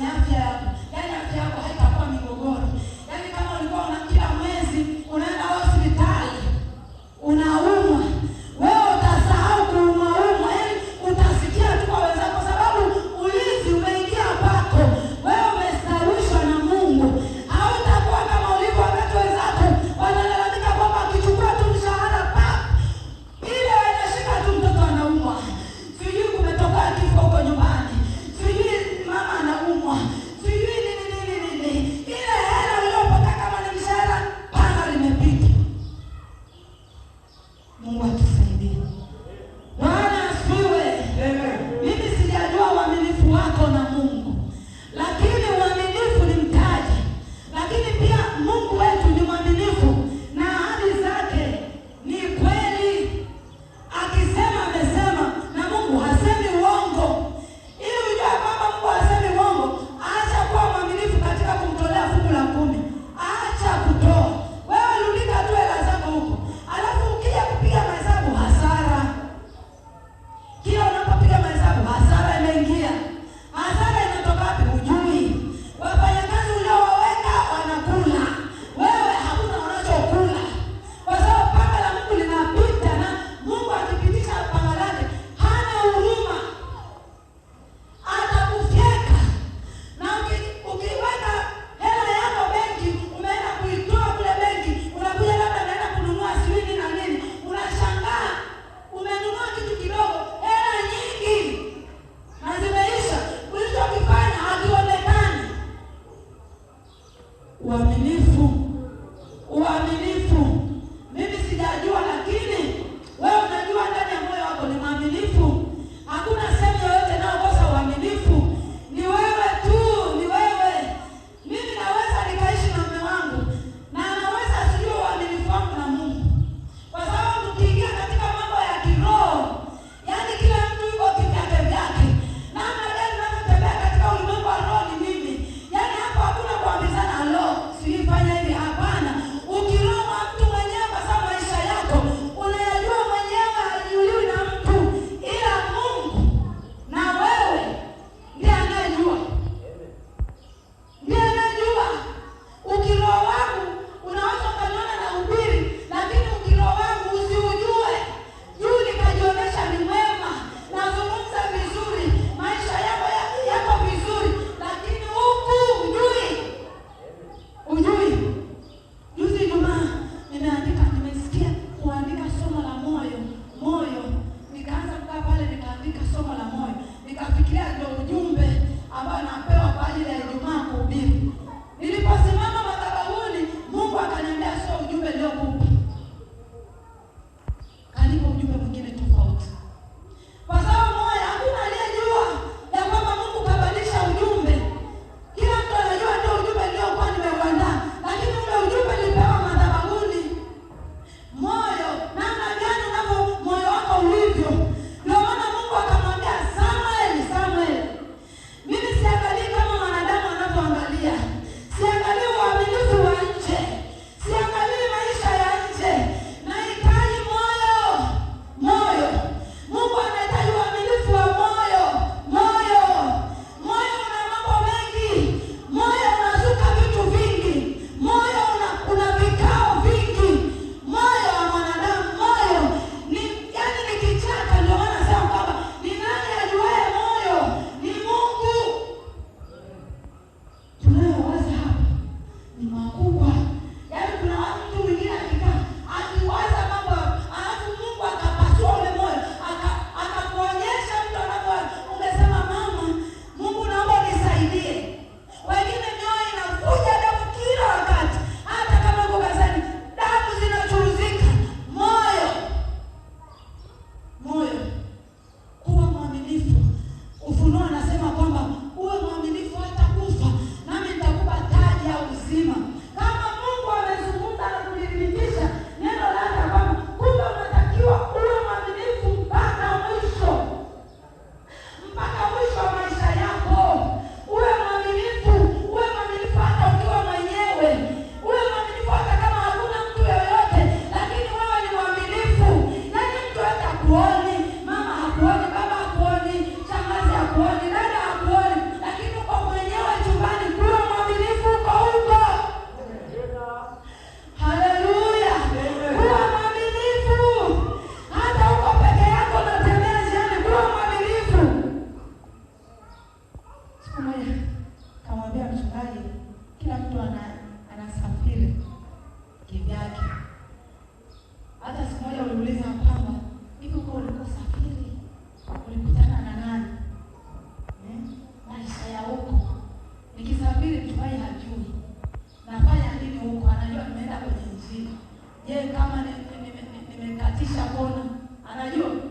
miaka yako na Siku moja kamwambia mchungaji, kila mtu ana, anasafiri kivyake. Hata siku moja uliuliza kwamba hivi uko ulikosafiri ulikutana na nani? Hmm? maisha ya huko, nikisafiri mchungaji hajui nafanya nini huko, anajua nimeenda kwenye njia. Je, kama nimekatisha ni, ni, ni, ni kona, anajua